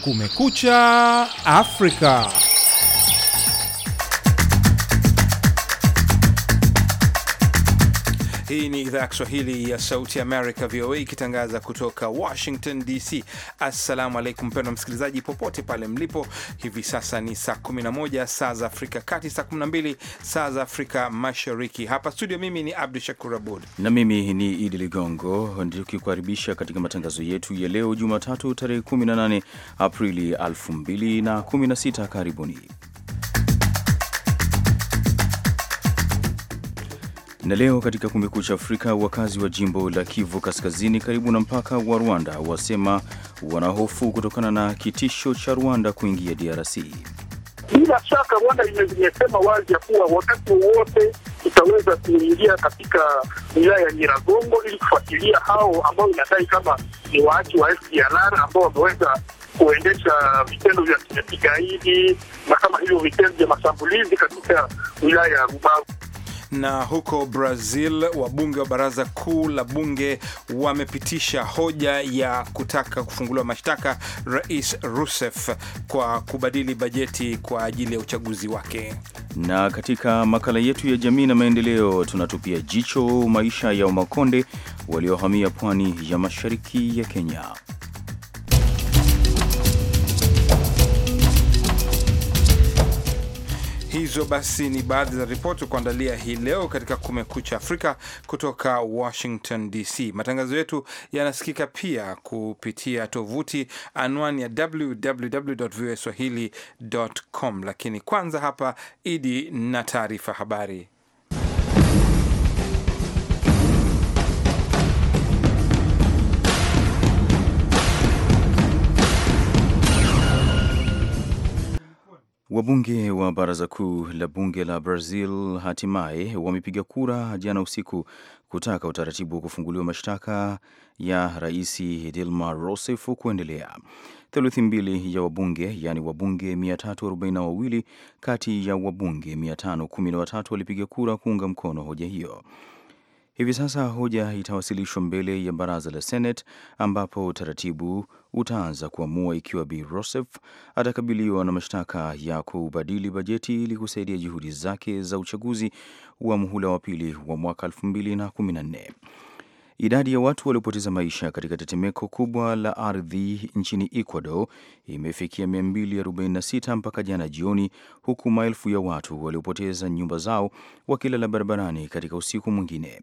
Kumekucha Afrika. Hii ni idhaa ya Kiswahili ya Sauti ya Amerika, VOA, ikitangaza kutoka Washington DC. Assalamu alaikum, mpendwa msikilizaji, popote pale mlipo. Hivi sasa ni saa 11 saa za Afrika Kati, saa 12 saa za Afrika Mashariki. Hapa studio, mimi ni Abdu Shakur Abud na mimi ni Idi Ligongo, tukikukaribisha katika matangazo yetu ya leo Jumatatu, tarehe 18 Aprili 2016. Karibuni. Na leo katika Kumekucha Afrika, wakazi wa jimbo la Kivu Kaskazini karibu na mpaka wa Rwanda wasema wanahofu kutokana na kitisho cha Rwanda kuingia DRC. Bila shaka Rwanda imesema wazi ya kuwa wakati wowote itaweza kuingia katika wilaya ya Nyiragongo ili kufuatilia hao ambao inadai kama ni waasi wa FDLR ambao wameweza kuendesha vitendo vya kigaidi na kama hivyo vitendo vya mashambulizi katika wilaya ya Rubavu. Na huko Brazil, wabunge wa baraza kuu la bunge wamepitisha hoja ya kutaka kufunguliwa mashtaka Rais Rousseff kwa kubadili bajeti kwa ajili ya uchaguzi wake. Na katika makala yetu ya jamii na maendeleo, tunatupia jicho maisha ya Wamakonde waliohamia pwani ya mashariki ya Kenya. Hizo basi ni baadhi za ripoti kuandalia hii leo katika Kumekucha Afrika kutoka Washington DC. Matangazo yetu yanasikika pia kupitia tovuti anwani ya www.voaswahili.com, lakini kwanza hapa Idi na taarifa habari. Wabunge wa baraza kuu la bunge la Brazil hatimaye wamepiga kura jana usiku kutaka utaratibu wa kufunguliwa mashtaka ya rais Dilma Rousseff kuendelea. Theluthi mbili ya wabunge yaani wabunge 342 kati ya wabunge 513 walipiga kura kuunga mkono hoja hiyo. Hivi sasa hoja itawasilishwa mbele ya baraza la Senate ambapo utaratibu utaanza kuamua ikiwa Bi Rousseff atakabiliwa na mashtaka ya kubadili bajeti ili kusaidia juhudi zake za uchaguzi wa muhula wa pili wa mwaka 2014. Idadi ya watu waliopoteza maisha katika tetemeko kubwa la ardhi nchini Ecuador imefikia 246 mpaka jana jioni, huku maelfu ya watu waliopoteza nyumba zao wakilala barabarani katika usiku mwingine.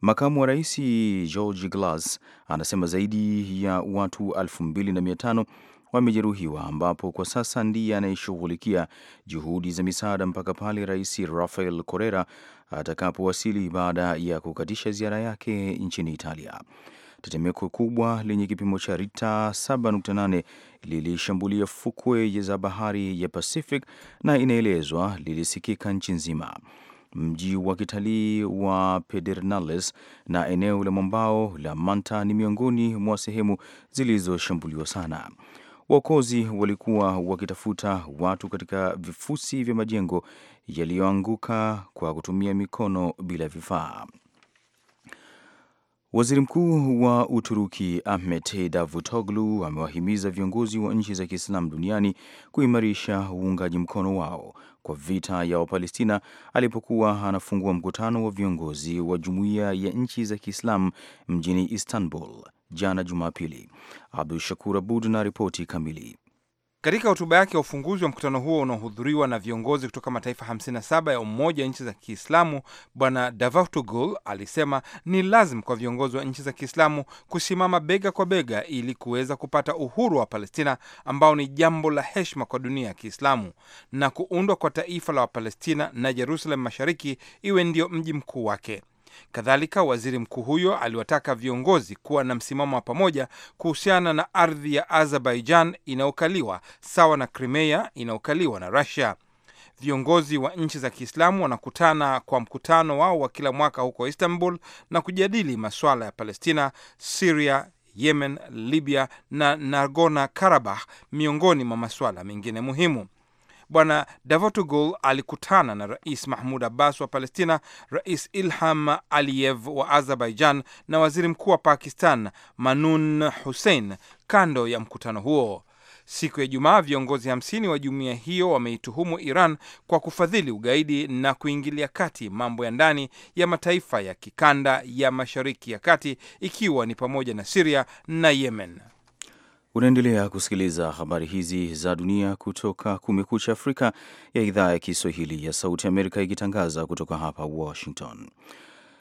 Makamu wa rais George Glass anasema zaidi ya watu 2500 wamejeruhiwa, ambapo kwa sasa ndiye anayeshughulikia juhudi za misaada mpaka pale Rais Rafael Correa atakapowasili baada ya kukatisha ziara yake nchini Italia. Tetemeko kubwa lenye kipimo cha Rita 7.8 lilishambulia fukwe za bahari ya Pacific na inaelezwa lilisikika nchi nzima. Mji wa kitalii wa Pedernales na eneo la mwambao la Manta ni miongoni mwa sehemu zilizoshambuliwa sana. Waokozi walikuwa wakitafuta watu katika vifusi vya majengo yaliyoanguka kwa kutumia mikono bila vifaa. Waziri Mkuu wa Uturuki Ahmet Davutoglu amewahimiza viongozi wa nchi za Kiislamu duniani kuimarisha uungaji mkono wao kwa vita ya Wapalestina alipokuwa anafungua mkutano wa viongozi wa Jumuiya ya Nchi za Kiislamu mjini Istanbul jana Jumapili. Abdu Shakur Abud na ripoti kamili. Katika hotuba yake ya ufunguzi wa mkutano huo unaohudhuriwa na viongozi kutoka mataifa 57 ya Umoja wa Nchi za Kiislamu, Bwana Davutogul alisema ni lazima kwa viongozi wa nchi za Kiislamu kusimama bega kwa bega ili kuweza kupata uhuru wa Palestina ambao ni jambo la heshima kwa dunia ya Kiislamu na kuundwa kwa taifa la Wapalestina na Jerusalem Mashariki iwe ndio mji mkuu wake. Kadhalika, waziri mkuu huyo aliwataka viongozi kuwa na msimamo wa pamoja kuhusiana na ardhi ya Azerbaijan inayokaliwa sawa na Crimea inayokaliwa na Russia. Viongozi wa nchi za Kiislamu wanakutana kwa mkutano wao wa kila mwaka huko Istanbul na kujadili masuala ya Palestina, Siria, Yemen, Libya na Nagorno Karabakh, miongoni mwa masuala mengine muhimu. Bwana Davutoglu alikutana na Rais Mahmud Abbas wa Palestina, Rais Ilham Aliyev wa Azerbaijan na waziri mkuu wa Pakistan Manun Hussein kando ya mkutano huo. Siku ya Ijumaa, viongozi hamsini wa jumuiya hiyo wameituhumu Iran kwa kufadhili ugaidi na kuingilia kati mambo ya ndani ya mataifa ya kikanda ya Mashariki ya Kati, ikiwa ni pamoja na Siria na Yemen. Unaendelea kusikiliza habari hizi za dunia kutoka Kumekucha Afrika ya idhaa ya Kiswahili ya Sauti Amerika ikitangaza kutoka hapa Washington.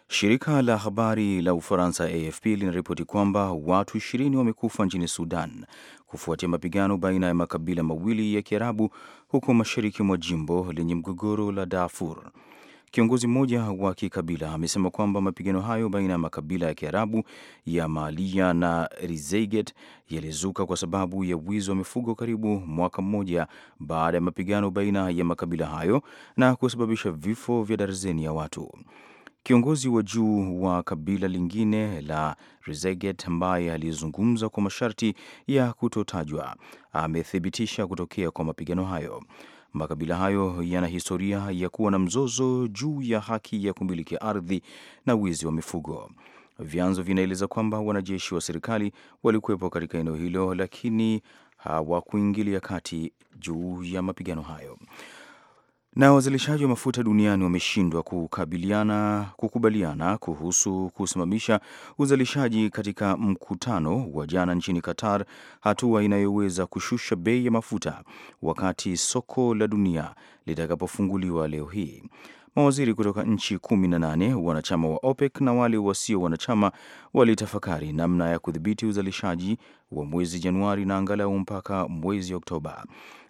Shirika la habari la Ufaransa AFP linaripoti kwamba watu ishirini wamekufa nchini Sudan kufuatia mapigano baina ya makabila mawili ya Kiarabu huko mashariki mwa jimbo lenye mgogoro la Darfur. Kiongozi mmoja wa kikabila amesema kwamba mapigano hayo baina ya makabila ya Kiarabu ya Maalia na Rizeiget yalizuka kwa sababu ya wizi wa mifugo karibu mwaka mmoja baada ya mapigano baina ya makabila hayo na kusababisha vifo vya darzeni ya watu. Kiongozi wa juu wa kabila lingine la Rizeget ambaye alizungumza kwa masharti ya kutotajwa amethibitisha kutokea kwa mapigano hayo. Makabila hayo yana historia ya kuwa na mzozo juu ya haki ya kumiliki ardhi na wizi wa mifugo. Vyanzo vinaeleza kwamba wanajeshi wa serikali walikuwepo katika eneo hilo, lakini hawakuingilia kati juu ya mapigano hayo. Na wazalishaji wa mafuta duniani wameshindwa kukabiliana kukubaliana kuhusu kusimamisha uzalishaji katika mkutano wa jana nchini Qatar, hatua inayoweza kushusha bei ya mafuta wakati soko la dunia litakapofunguliwa leo hii. Mawaziri kutoka nchi kumi na nane wanachama wa OPEC na wale wasio wanachama walitafakari namna ya kudhibiti uzalishaji wa mwezi Januari na angalau mpaka mwezi Oktoba.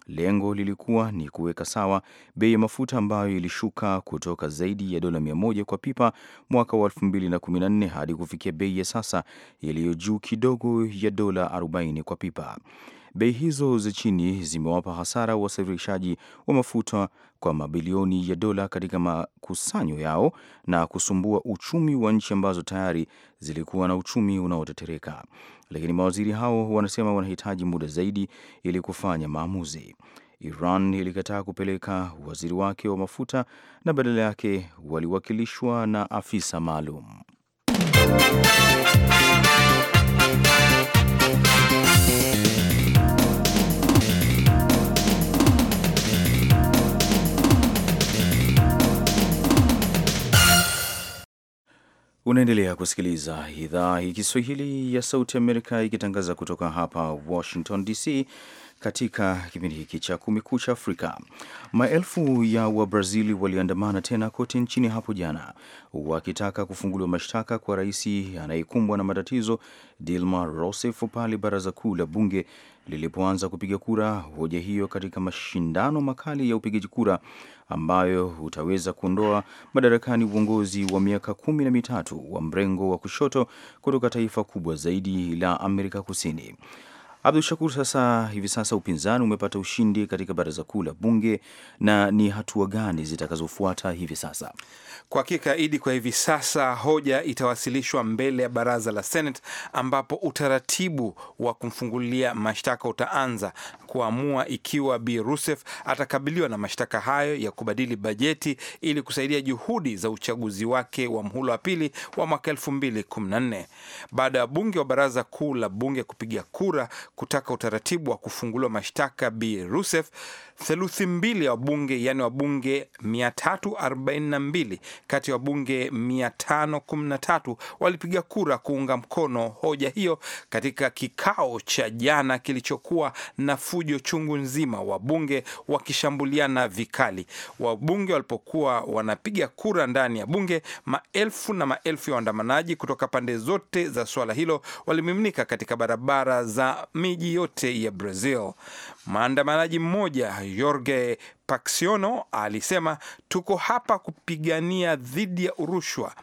Lengo lilikuwa ni kuweka sawa bei ya mafuta ambayo ilishuka kutoka zaidi ya dola 100 kwa pipa mwaka wa 2014 hadi kufikia bei ya sasa iliyo juu kidogo ya dola 40 kwa pipa. Bei hizo za chini zimewapa hasara wasafirishaji wa mafuta kwa mabilioni ya dola katika makusanyo yao na kusumbua uchumi wa nchi ambazo tayari zilikuwa na uchumi unaotetereka. Lakini mawaziri hao wanasema wanahitaji muda zaidi ili kufanya maamuzi. Iran ilikataa kupeleka waziri wake wa mafuta na badala yake waliwakilishwa na afisa maalum. Unaendelea kusikiliza idhaa ya Kiswahili ya Sauti Amerika ikitangaza kutoka hapa Washington DC. Katika kipindi hiki cha Kumekucha Afrika, maelfu ya Wabrazili waliandamana tena kote nchini hapo jana wakitaka kufunguliwa mashtaka kwa rais anayekumbwa na matatizo Dilma Rousseff pale baraza kuu la bunge lilipoanza kupiga kura hoja hiyo katika mashindano makali ya upigaji kura ambayo utaweza kuondoa madarakani uongozi wa miaka kumi na mitatu wa mrengo wa kushoto kutoka taifa kubwa zaidi la Amerika Kusini. Abdu Shakur, sasa hivi sasa upinzani umepata ushindi katika baraza kuu la bunge, na ni hatua gani zitakazofuata hivi sasa? Kwa hakika Idi, kwa hivi sasa hoja itawasilishwa mbele ya baraza la Senate, ambapo utaratibu wa kumfungulia mashtaka utaanza kuamua ikiwa Bi Rusef atakabiliwa na mashtaka hayo ya kubadili bajeti ili kusaidia juhudi za uchaguzi wake wa mhula wa pili wa mwaka kumi nne. baada ya bunge wa baraza kuu la bunge kupiga kura kutaka utaratibu wa kufunguliwa mashtaka Bi Rusef, theluthi mbili ya wabunge, yani wabunge 342 kati ya wabunge 513 walipiga kura kuunga mkono hoja hiyo katika kikao cha jana kilichokuwa na fujo chungu nzima, wabunge wakishambuliana vikali. Wabunge walipokuwa wanapiga kura ndani ya bunge, maelfu na maelfu ya waandamanaji kutoka pande zote za suala hilo walimiminika katika barabara za miji yote ya Brazil. Maandamanaji mmoja Jorge Paxiono alisema tuko hapa kupigania dhidi ya urushwa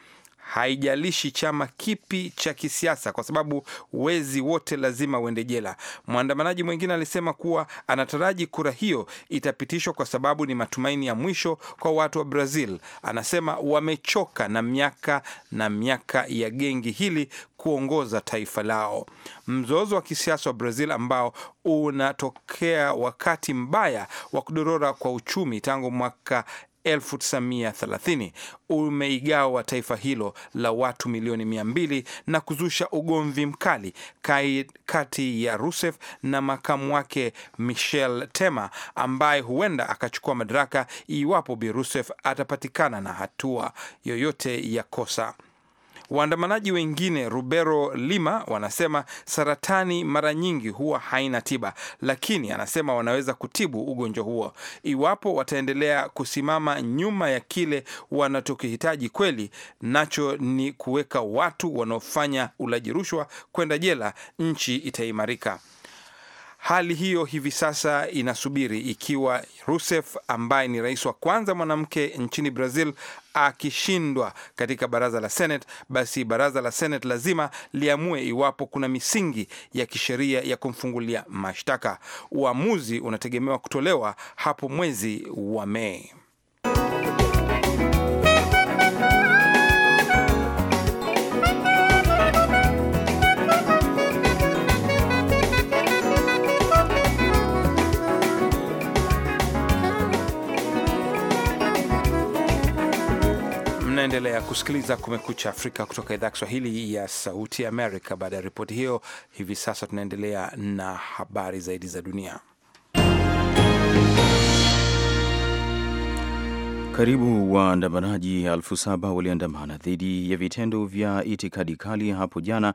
haijalishi chama kipi cha kisiasa, kwa sababu wezi wote lazima uende jela. Mwandamanaji mwingine alisema kuwa anataraji kura hiyo itapitishwa kwa sababu ni matumaini ya mwisho kwa watu wa Brazil. Anasema wamechoka na miaka na miaka ya gengi hili kuongoza taifa lao. Mzozo wa kisiasa wa Brazil ambao unatokea wakati mbaya wa kudorora kwa uchumi tangu mwaka 1930 umeigawa taifa hilo la watu milioni 200 na kuzusha ugomvi mkali kati ya Rousseff na makamu wake Michel Temer ambaye huenda akachukua madaraka iwapo Bi Rousseff atapatikana na hatua yoyote ya kosa. Waandamanaji wengine Rubero Lima wanasema saratani mara nyingi huwa haina tiba, lakini anasema wanaweza kutibu ugonjwa huo iwapo wataendelea kusimama nyuma ya kile wanachokihitaji kweli, nacho ni kuweka watu wanaofanya ulaji rushwa kwenda jela, nchi itaimarika. Hali hiyo hivi sasa inasubiri ikiwa Rousseff ambaye ni rais wa kwanza mwanamke nchini Brazil akishindwa katika baraza la Senate, basi baraza la Senate lazima liamue iwapo kuna misingi ya kisheria ya kumfungulia mashtaka. Uamuzi unategemewa kutolewa hapo mwezi wa Mei. Unaendelea kusikiliza Kumekucha Afrika kutoka idhaa Kiswahili ya Sauti Amerika. Baada ya ripoti hiyo, hivi sasa tunaendelea na habari zaidi za dunia. Karibu waandamanaji elfu saba waliandamana dhidi ya vitendo vya itikadi kali hapo jana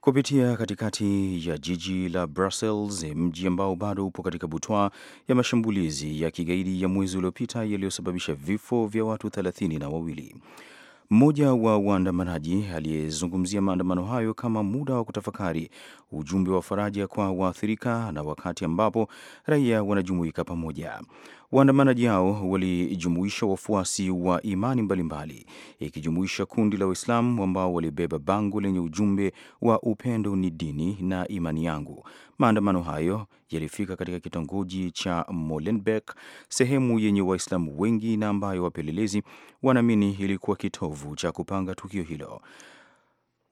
kupitia katikati ya jiji la Brussels, mji ambao bado upo katika butwa ya mashambulizi ya kigaidi ya mwezi uliopita yaliyosababisha vifo vya watu thelathini na wawili. Mmoja wa waandamanaji aliyezungumzia maandamano hayo kama muda wa kutafakari, ujumbe wa faraja kwa waathirika, na wakati ambapo raia wanajumuika pamoja. Waandamanaji hao walijumuisha wafuasi wa imani mbalimbali ikijumuisha kundi la Waislamu ambao walibeba bango lenye ujumbe wa upendo ni dini na imani yangu. Maandamano hayo yalifika katika kitongoji cha Molenbeek, sehemu yenye Waislamu wengi na ambayo wapelelezi wanaamini ilikuwa kitovu cha kupanga tukio hilo.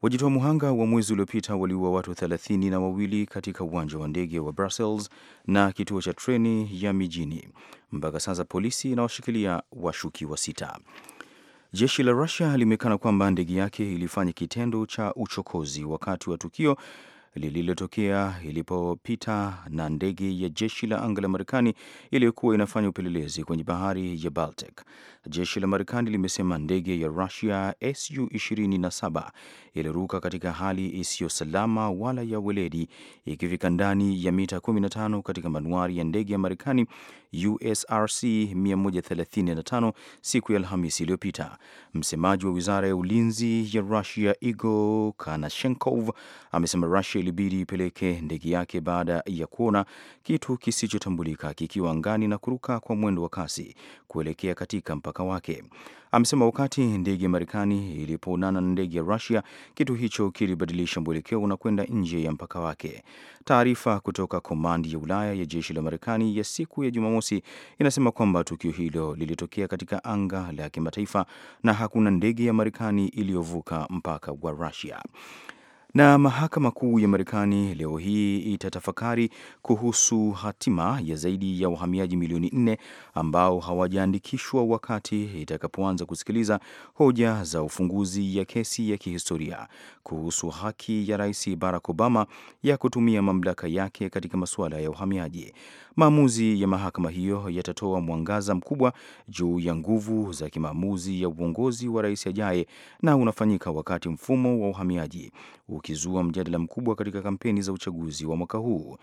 Wajitoa muhanga wa mwezi uliopita waliua watu thelathini na wawili katika uwanja wa ndege wa Brussels na kituo cha treni ya mijini. Mpaka sasa polisi inawashikilia washukiwa sita. Jeshi la Rusia limekana kwamba ndege yake ilifanya kitendo cha uchokozi wakati wa tukio lililotokea ilipopita na ndege ya jeshi la anga la Marekani iliyokuwa inafanya upelelezi kwenye bahari ya Baltic. Jeshi la Marekani limesema ndege ya Rusia Su 27 iliruka katika hali isiyo salama wala ya weledi, ikifika ndani ya mita 15 katika manuari ya ndege ya Marekani USRC 135 siku ya Alhamisi iliyopita. Msemaji wa wizara ya ulinzi ya Russia Igor Kanashenkov amesema Rusia ilibidi ipeleke ndege yake baada ya kuona kitu kisichotambulika kikiwa angani na kuruka kwa mwendo wa kasi kuelekea katika mpaka wake. Amesema wakati ndege ya Marekani ilipoonana na ndege ya Rusia, kitu hicho kilibadilisha mwelekeo na kwenda nje ya mpaka wake. Taarifa kutoka komandi ya Ulaya ya jeshi la Marekani ya siku ya Jumamosi inasema kwamba tukio hilo lilitokea katika anga la kimataifa na hakuna ndege ya Marekani iliyovuka mpaka wa Rusia. Na mahakama kuu ya Marekani leo hii itatafakari kuhusu hatima ya zaidi ya wahamiaji milioni nne ambao hawajaandikishwa wakati itakapoanza kusikiliza hoja za ufunguzi ya kesi ya kihistoria kuhusu haki ya Rais Barack Obama ya kutumia mamlaka yake katika masuala ya uhamiaji. Maamuzi ya mahakama hiyo yatatoa mwangaza mkubwa juu ya nguvu za kimaamuzi ya uongozi wa rais ajaye na unafanyika wakati mfumo wa uhamiaji ukizua mjadala mkubwa katika kampeni za uchaguzi wa mwaka huu.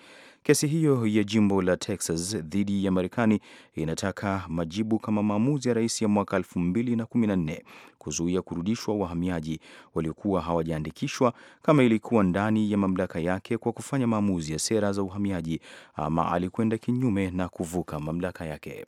Kesi hiyo ya jimbo la Texas dhidi ya Marekani inataka majibu kama maamuzi ya rais ya mwaka 2014 kuzuia kurudishwa wahamiaji waliokuwa hawajaandikishwa kama ilikuwa ndani ya mamlaka yake kwa kufanya maamuzi ya sera za uhamiaji ama alikwenda kinyume na kuvuka mamlaka yake.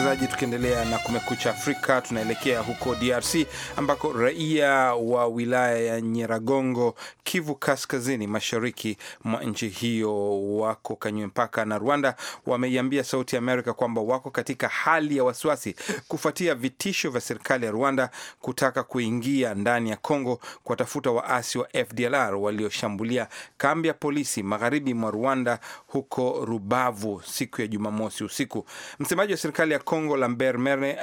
msikilizaji, tukiendelea na Kumekucha Afrika, tunaelekea huko DRC ambako raia wa wilaya ya Nyiragongo, Kivu Kaskazini, mashariki mwa nchi hiyo, wako kwenye mpaka na Rwanda, wameiambia Sauti Amerika kwamba wako katika hali ya wasiwasi kufuatia vitisho vya serikali ya Rwanda kutaka kuingia ndani ya Kongo kuwatafuta waasi wa FDLR walioshambulia kambi ya polisi magharibi mwa Rwanda, huko Rubavu siku ya Jumamosi usiku. Msemaji wa serikali ya Kongo Lambert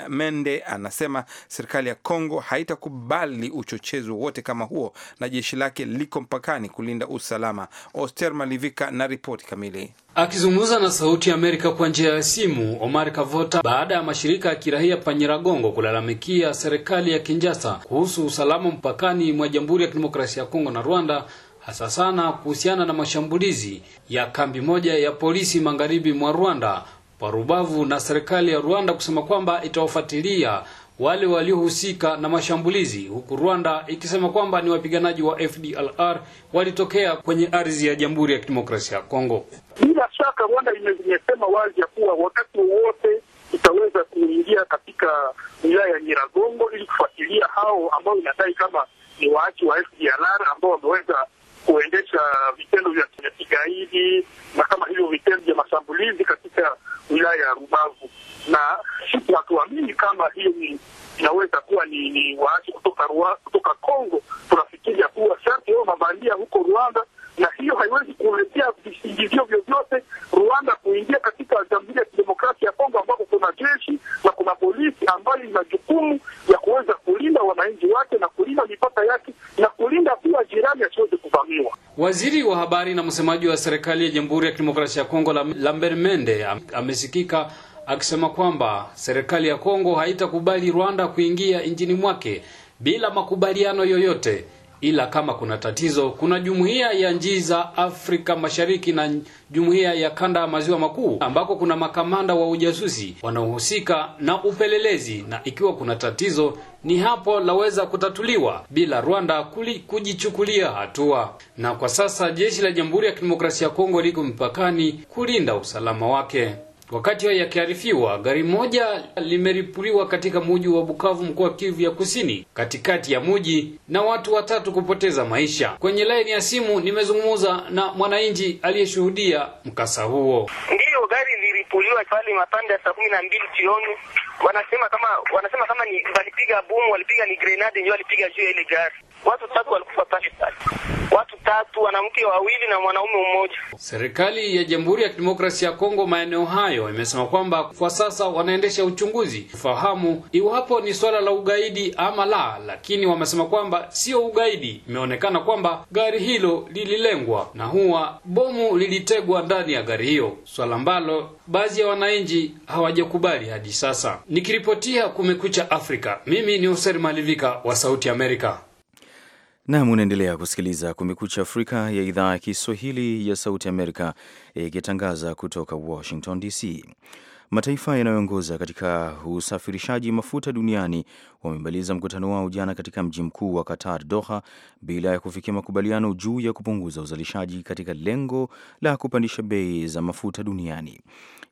Mende anasema serikali ya Kongo haitakubali uchochezi wowote kama huo, na jeshi lake liko mpakani kulinda usalama. Oster Malivika na ripoti kamili. Akizungumza na Sauti ya Amerika kwa njia ya simu, Omar Kavota, baada ya mashirika ya kirahia Panyiragongo kulalamikia serikali ya kinjasa kuhusu usalama mpakani mwa Jamhuri ya Kidemokrasia ya Kongo na Rwanda, hasa sana kuhusiana na mashambulizi ya kambi moja ya polisi magharibi mwa Rwanda wa Rubavu na serikali ya Rwanda kusema kwamba itawafuatilia wale waliohusika na mashambulizi, huku Rwanda ikisema kwamba ni wapiganaji wa FDLR walitokea kwenye ardhi ya Jamhuri ya Kidemokrasia ya Kongo. Bila shaka Rwanda imesema wazi ya kuwa wakati wowote itaweza kuingia katika wilaya ya Nyiragongo ili kufuatilia hao ambao inadai kama ni waasi wa FDLR ambao wameweza kuendesha vitendo vya kigaidi na kama hivyo vitendo vya mashambulizi katika wilaya ya Rubavu, na sisi hatuamini kama hiyo ni inaweza kuwa ni, ni waasi kutoka Rwanda, kutoka Kongo. Tunafikiria kuwa sharti hao mabandia huko Rwanda na hiyo haiwezi kuletea visingizio vyovyote Rwanda kuingia katika Jamhuri ya Kidemokrasia ya Kongo ambapo kuna jeshi na kuna polisi ambayo ina jukumu ya kuweza kulinda wananchi wake na kulinda mipaka yake na kulinda pia jirani asiweze kuvamiwa. Waziri wa habari na msemaji wa serikali ya Jamhuri ya Kidemokrasia ya Kongo Lambert Mende amesikika akisema kwamba serikali ya Kongo haitakubali Rwanda kuingia nchini mwake bila makubaliano yoyote ila kama kuna tatizo, kuna jumuiya ya njii za Afrika Mashariki na jumuiya ya kanda ya maziwa makuu ambako kuna makamanda wa ujasusi wanaohusika na upelelezi, na ikiwa kuna tatizo ni hapo laweza kutatuliwa bila Rwanda kuli, kujichukulia hatua. Na kwa sasa jeshi la Jamhuri ya Kidemokrasia ya Kongo liko mpakani kulinda usalama wake. Wakati hayo yakiarifiwa, gari moja limeripuliwa katika muji wa Bukavu, mkoa wa Kivu ya Kusini, katikati ya muji na watu watatu kupoteza maisha. Kwenye laini ya simu nimezungumza na mwananchi aliyeshuhudia mkasa huo. Ndiyo, gari lilipuliwa pale mapande ya saa kumi na mbili jioni. Wanasema kama wanasema kama ni walipiga bomu, walipiga ni grenade, ndio walipiga juu ya ile gari. Watu tatu walikufa pale pale, watu tatu, wanawake wawili na mwanaume mmoja. Serikali ya Jamhuri ya Kidemokrasia ya Kongo maeneo hayo imesema kwamba kwa sasa wanaendesha uchunguzi kufahamu iwapo ni swala la ugaidi ama la, lakini wamesema kwamba sio ugaidi. Imeonekana kwamba gari hilo lililengwa na huwa bomu lilitegwa ndani ya gari hiyo, swala ambalo baadhi ya wananchi hawajakubali hadi sasa. Nikiripotia Kumekucha Afrika, mimi ni hoser Malivika wa Sauti Amerika. Nam, unaendelea kusikiliza Kumekucha Afrika ya idhaa ya Kiswahili ya Sauti Amerika ikitangaza kutoka Washington DC. Mataifa yanayoongoza katika usafirishaji mafuta duniani wamemaliza mkutano wao jana katika mji mkuu wa Qatar, Doha, bila ya kufikia makubaliano juu ya kupunguza uzalishaji katika lengo la kupandisha bei za mafuta duniani.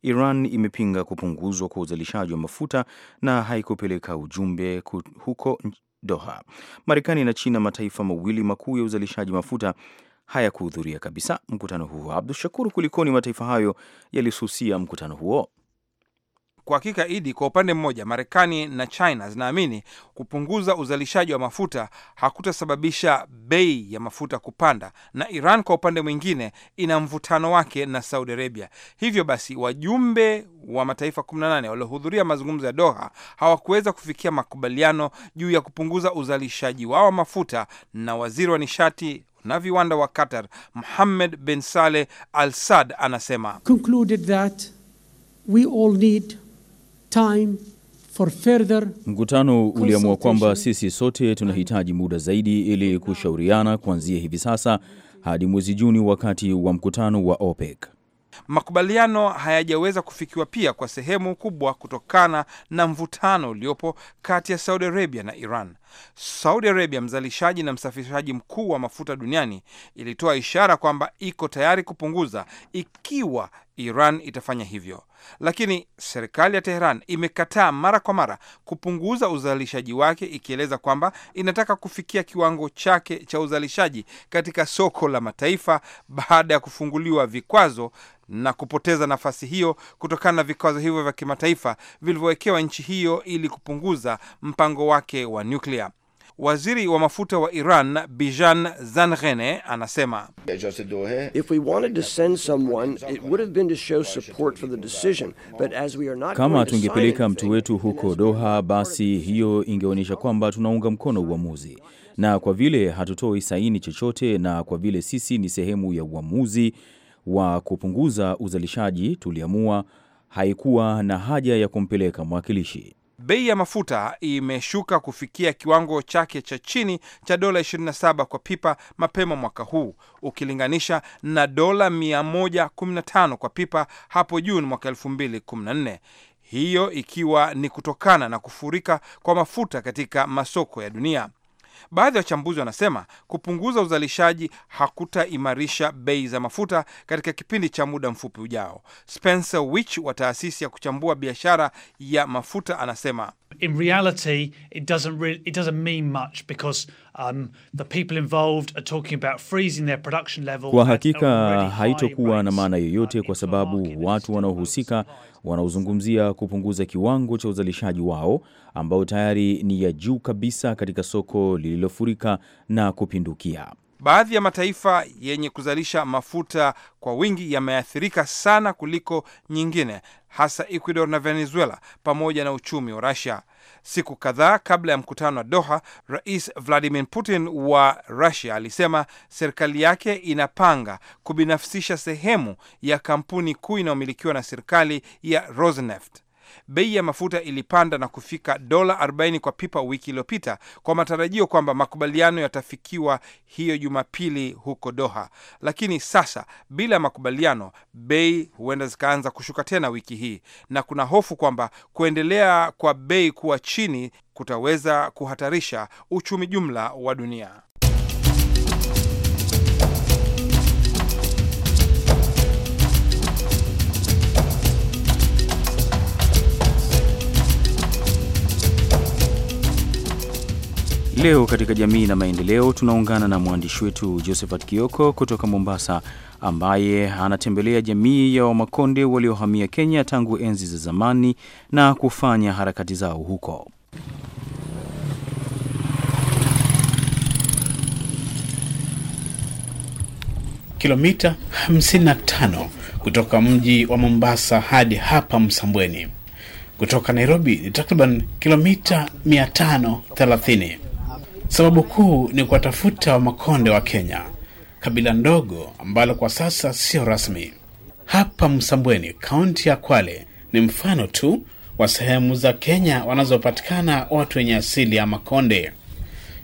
Iran imepinga kupunguzwa kwa uzalishaji wa mafuta na haikupeleka ujumbe huko Doha. Marekani na China, mataifa mawili makuu ya uzalishaji mafuta, hayakuhudhuria kabisa mkutano huo. Abdu Shakur, kulikoni mataifa hayo yalisusia mkutano huo? Kwa hakika Idi, kwa upande mmoja, Marekani na China zinaamini kupunguza uzalishaji wa mafuta hakutasababisha bei ya mafuta kupanda, na Iran kwa upande mwingine ina mvutano wake na Saudi Arabia. Hivyo basi, wajumbe wa mataifa 18 waliohudhuria mazungumzo ya Doha hawakuweza kufikia makubaliano juu ya kupunguza uzalishaji wao wa mafuta, na waziri wa nishati na viwanda wa Qatar muhamed bin Saleh Al sad anasema Concluded that we all need time for further. Mkutano uliamua kwamba sisi sote tunahitaji muda zaidi ili kushauriana kuanzia hivi sasa hadi mwezi Juni wakati wa mkutano wa OPEC. Makubaliano hayajaweza kufikiwa pia kwa sehemu kubwa kutokana na mvutano uliopo kati ya Saudi Arabia na Iran. Saudi Arabia, mzalishaji na msafirishaji mkuu wa mafuta duniani, ilitoa ishara kwamba iko tayari kupunguza ikiwa Iran itafanya hivyo, lakini serikali ya Teheran imekataa mara kwa mara kupunguza uzalishaji wake, ikieleza kwamba inataka kufikia kiwango chake cha uzalishaji katika soko la mataifa baada ya kufunguliwa vikwazo na kupoteza nafasi hiyo kutokana na vikwazo hivyo vya kimataifa vilivyowekewa nchi hiyo ili kupunguza mpango wake wa nyuklia. Waziri wa mafuta wa Iran Bijan Zanghene anasema kama tungepeleka mtu wetu huko Doha, basi hiyo ingeonyesha kwamba tunaunga mkono uamuzi, na kwa vile hatutoi saini chochote, na kwa vile sisi ni sehemu ya uamuzi wa kupunguza uzalishaji, tuliamua haikuwa na haja ya kumpeleka mwakilishi. Bei ya mafuta imeshuka kufikia kiwango chake cha chini cha dola 27 kwa pipa mapema mwaka huu ukilinganisha na dola 115 kwa pipa hapo Juni mwaka 2014, hiyo ikiwa ni kutokana na kufurika kwa mafuta katika masoko ya dunia. Baadhi ya wachambuzi wanasema kupunguza uzalishaji hakutaimarisha bei za mafuta katika kipindi cha muda mfupi ujao. Spencer Wich wa taasisi ya kuchambua biashara ya mafuta anasema In reality, it doesn't really, it doesn't mean much because um, the people involved are talking about freezing their production level. Kwa hakika haitokuwa na maana yoyote, um, kwa sababu watu wanaohusika wanaozungumzia kupunguza kiwango cha uzalishaji wao ambao tayari ni ya juu kabisa katika soko lililofurika na kupindukia. Baadhi ya mataifa yenye kuzalisha mafuta kwa wingi yameathirika sana kuliko nyingine, hasa Ecuador na Venezuela pamoja na uchumi wa Russia. Siku kadhaa kabla ya mkutano wa Doha, Rais Vladimir Putin wa Russia alisema serikali yake inapanga kubinafsisha sehemu ya kampuni kuu inayomilikiwa na serikali ya Rosneft bei ya mafuta ilipanda na kufika dola 40 kwa pipa wiki iliyopita kwa matarajio kwamba makubaliano yatafikiwa hiyo Jumapili huko Doha, lakini sasa bila makubaliano, bei huenda zikaanza kushuka tena wiki hii, na kuna hofu kwamba kuendelea kwa bei kuwa chini kutaweza kuhatarisha uchumi jumla wa dunia. Leo katika jamii na maendeleo tunaungana na mwandishi wetu Josephat Kioko kutoka Mombasa, ambaye anatembelea jamii ya Wamakonde waliohamia Kenya tangu enzi za zamani na kufanya harakati zao huko. Kilomita 55 kutoka mji wa Mombasa hadi hapa Msambweni. Kutoka Nairobi ni takriban kilomita 530. Sababu kuu ni kuwatafuta Wamakonde wa Kenya, kabila ndogo ambalo kwa sasa sio rasmi. Hapa Msambweni, kaunti ya Kwale, ni mfano tu wa sehemu za Kenya wanazopatikana watu wenye asili ya Makonde.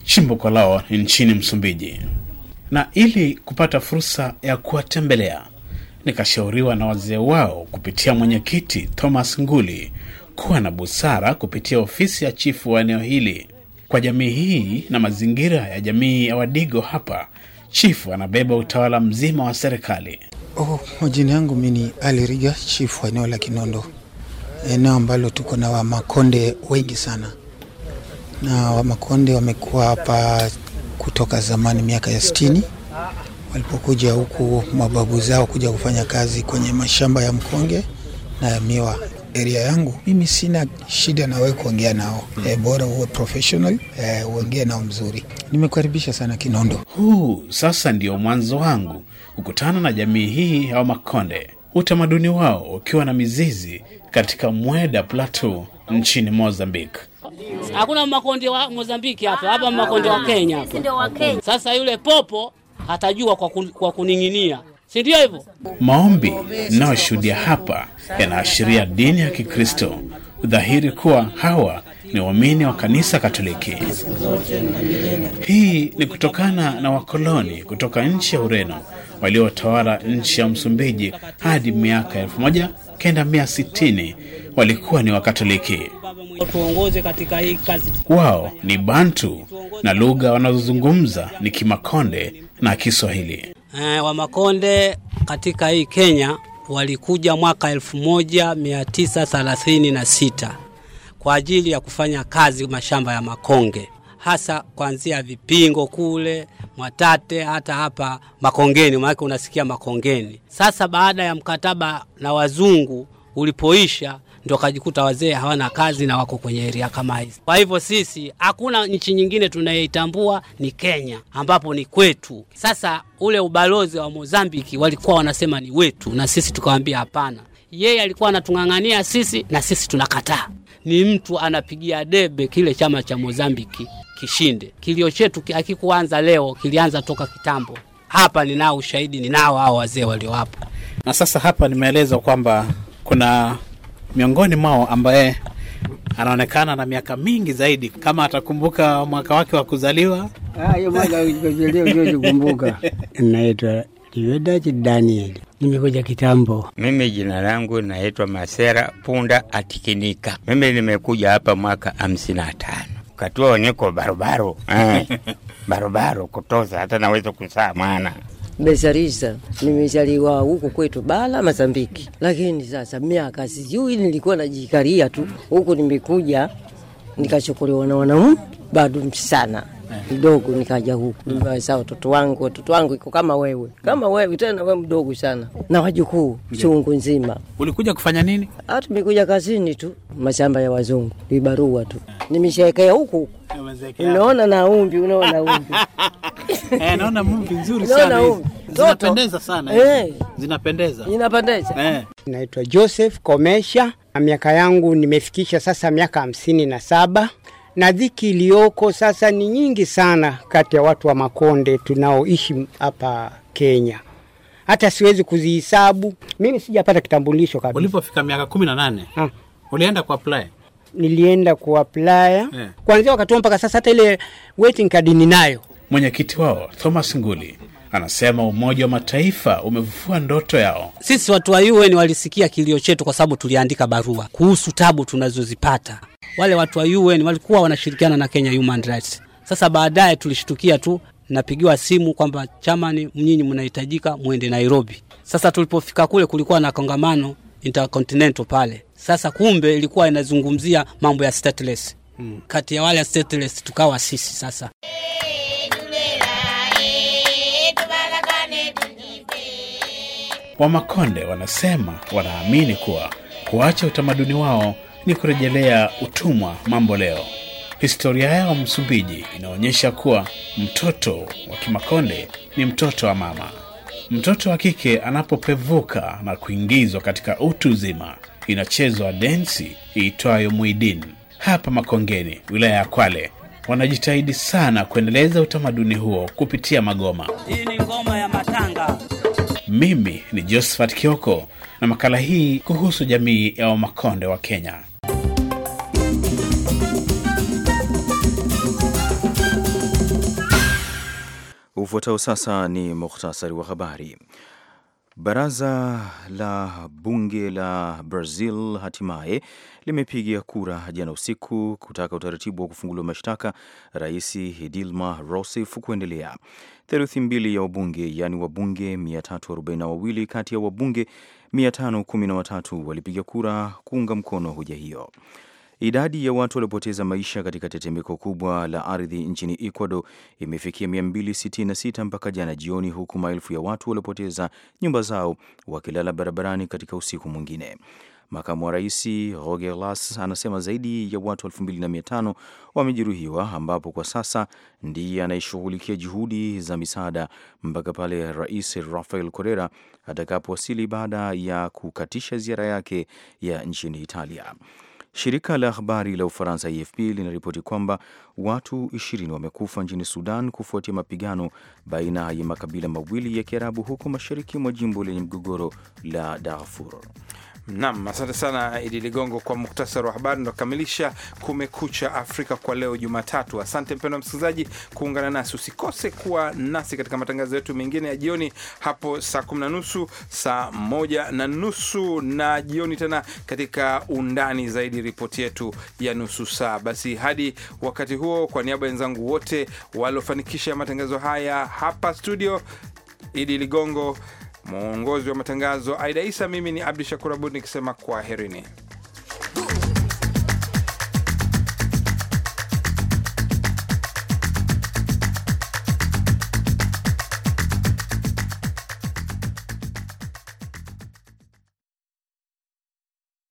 Chimbuko lao ni nchini Msumbiji, na ili kupata fursa ya kuwatembelea nikashauriwa na wazee wao kupitia mwenyekiti Thomas Nguli kuwa na busara kupitia ofisi ya chifu wa eneo hili kwa jamii hii na mazingira ya jamii ya Wadigo hapa, chifu anabeba utawala mzima wa serikali. Oh, majina yangu mi ni Ali Riga, chifu wa eneo la Kinondo, eneo ambalo tuko na Wamakonde wengi sana, na Wamakonde wamekuwa hapa kutoka zamani, miaka ya stini walipokuja huku mababu zao kuja kufanya kazi kwenye mashamba ya mkonge na ya miwa area yangu, mimi sina shida na wewe kuongea nao mm. E, bora uwe professional e, uongee nao mzuri. Nimekukaribisha sana Kinondo. Huu sasa ndio mwanzo wangu kukutana na jamii hii ya Makonde, utamaduni wao ukiwa na mizizi katika Mweda Plateau nchini Mozambique. Hakuna Makonde wa Mozambiki hapa, hapa Makonde wa Kenya hapa. Sasa yule popo hatajua kwa, kun, kwa kuning'inia si ndio hivyo? Maombi inayoshuhudia hapa yanaashiria dini ya Kikristo, dhahiri kuwa hawa ni waamini wa kanisa Katoliki. Hii ni kutokana na wakoloni kutoka nchi ya Ureno waliotawala nchi ya Msumbiji hadi miaka elfu moja kenda mia sitini walikuwa ni Wakatoliki. Wao ni Bantu na lugha wanazozungumza ni Kimakonde na Kiswahili e, eh, Wamakonde katika hii Kenya walikuja mwaka 1936 kwa ajili ya kufanya kazi mashamba ya makonge, hasa kuanzia Vipingo kule Mwatate, hata hapa Makongeni, maanake unasikia Makongeni. Sasa baada ya mkataba na wazungu ulipoisha ndio kajikuta wazee hawana kazi na wako kwenye eria kama hizi. Kwa hivyo sisi, hakuna nchi nyingine tunayoitambua ni Kenya, ambapo ni kwetu. Sasa ule ubalozi wa Mozambiki walikuwa wanasema ni wetu, na sisi tukawaambia hapana. Yeye alikuwa anatung'ang'ania sisi, na sisi tunakataa. Ni mtu anapigia debe kile chama cha Mozambiki kishinde. Kilio chetu hakikuanza leo, kilianza toka kitambo. Hapa ninao ushahidi, ninao hao wazee waliowapo. Na sasa hapa nimeelezwa kwamba kuna miongoni mwao ambaye anaonekana na miaka mingi zaidi, kama atakumbuka mwaka wake wa kuzaliwa. Ah, hiyo mwaka Naitwa Liwedachi Daniel, nimekuja kitambo. Mimi jina langu naitwa Masera Punda Atikinika. Mimi nimekuja hapa mwaka hamsini na tano katuo niko barobaro eh, barobaro kutoza, hata naweza kusaa mwana mezariza nimezaliwa huku kwetu Bala Mazambiki, lakini sasa miaka sijui, nilikuwa najikaria tu huku, nimekuja nikachukuliwa na wanaume bado sana mdogo nikaja huku nimewaza watoto wangu watoto wangu iko kama wewe kama wewe tena we mdogo sana na wajukuu chungu nzima. Ulikuja kufanya nini? Ah, tumekuja kazini tu, mashamba ya wazungu, ibarua tu. Nimeshaekea huku, unaona naumbi unaona umbi Eh, naona mvi nzuri sana hizi. Zinapendeza sana hizi. Eh. Zinapendeza. Inapendeza. Eh. Naitwa Joseph Komesha na miaka yangu nimefikisha sasa miaka hamsini na saba na dhiki iliyoko sasa ni nyingi sana kati ya watu wa Makonde tunaoishi hapa Kenya hata siwezi kuzihisabu. Mimi sijapata kitambulisho kabisa. Ulipofika miaka kumi na nane ha. Ah. ulienda apply? Nilienda ku apply yeah. kuanzia wakati mpaka sasa, hata ile waiting card ninayo Mwenyekiti wao Thomas Nguli anasema Umoja wa Mataifa umevufua ndoto yao. Sisi watu wa UN walisikia kilio chetu, kwa sababu tuliandika barua kuhusu tabu tunazozipata. Wale watu wa UN walikuwa wanashirikiana na Kenya Human Rights. Sasa baadaye tulishtukia tu, napigiwa simu kwamba chamani, mnyinyi mnahitajika mwende Nairobi. Sasa tulipofika kule, kulikuwa na kongamano Intercontinental pale. Sasa kumbe ilikuwa inazungumzia mambo ya stateless. Hmm. Kati ya wale stateless tukawa sisi sasa Wamakonde wanasema wanaamini kuwa kuacha utamaduni wao ni kurejelea utumwa mambo leo. Historia yao Msumbiji inaonyesha kuwa mtoto wa Kimakonde ni mtoto wa mama. Mtoto wa kike anapopevuka na kuingizwa katika utu uzima, inachezwa densi iitwayo Muidin. Hapa Makongeni, wilaya ya Kwale, wanajitahidi sana kuendeleza utamaduni huo kupitia magoma. Hii ni ngoma ya matanga. Mimi ni Josephat Kioko na makala hii kuhusu jamii ya Wamakonde wa Kenya. Ufuatao sasa ni muhtasari wa habari. Baraza la bunge la Brazil hatimaye limepiga kura jana usiku kutaka utaratibu wa kufunguliwa mashtaka Rais Dilma Rousseff kuendelea. Theluthi mbili ya wabunge, yaani wabunge 342 kati ya wabunge 513 walipiga kura kuunga mkono hoja hiyo. Idadi ya watu waliopoteza maisha katika tetemeko kubwa la ardhi nchini Ecuador imefikia 266 mpaka jana jioni, huku maelfu ya watu waliopoteza nyumba zao wakilala barabarani katika usiku mwingine. Makamu wa rais Roger Las anasema zaidi ya watu 2500 wamejeruhiwa, ambapo kwa sasa ndiye anayeshughulikia juhudi za misaada mpaka pale rais Rafael Correa atakapowasili baada ya kukatisha ziara yake ya nchini Italia. Shirika la habari la Ufaransa AFP linaripoti kwamba watu 20 wamekufa nchini Sudan kufuatia mapigano baina ya makabila mawili ya Kiarabu huko mashariki mwa jimbo lenye mgogoro la Darfur nam asante sana Idi Ligongo kwa muktasari wa habari. Ndo Kumekucha Afrika kwa leo Jumatatu. Asante mpendwa msikilizaji kuungana nasi, usikose kuwa nasi katika matangazo yetu mengine ya jioni hapo saa kumi na nusu, saa moja na nusu na jioni tena katika undani zaidi, ripoti yetu ya nusu saa. Basi hadi wakati huo, kwa niaba ya wenzangu wote waliofanikisha matangazo haya hapa studio, Idi Ligongo mwongozi wa matangazo Aida Isa, mimi ni Abdu Shakur Abud nikisema kwaherini.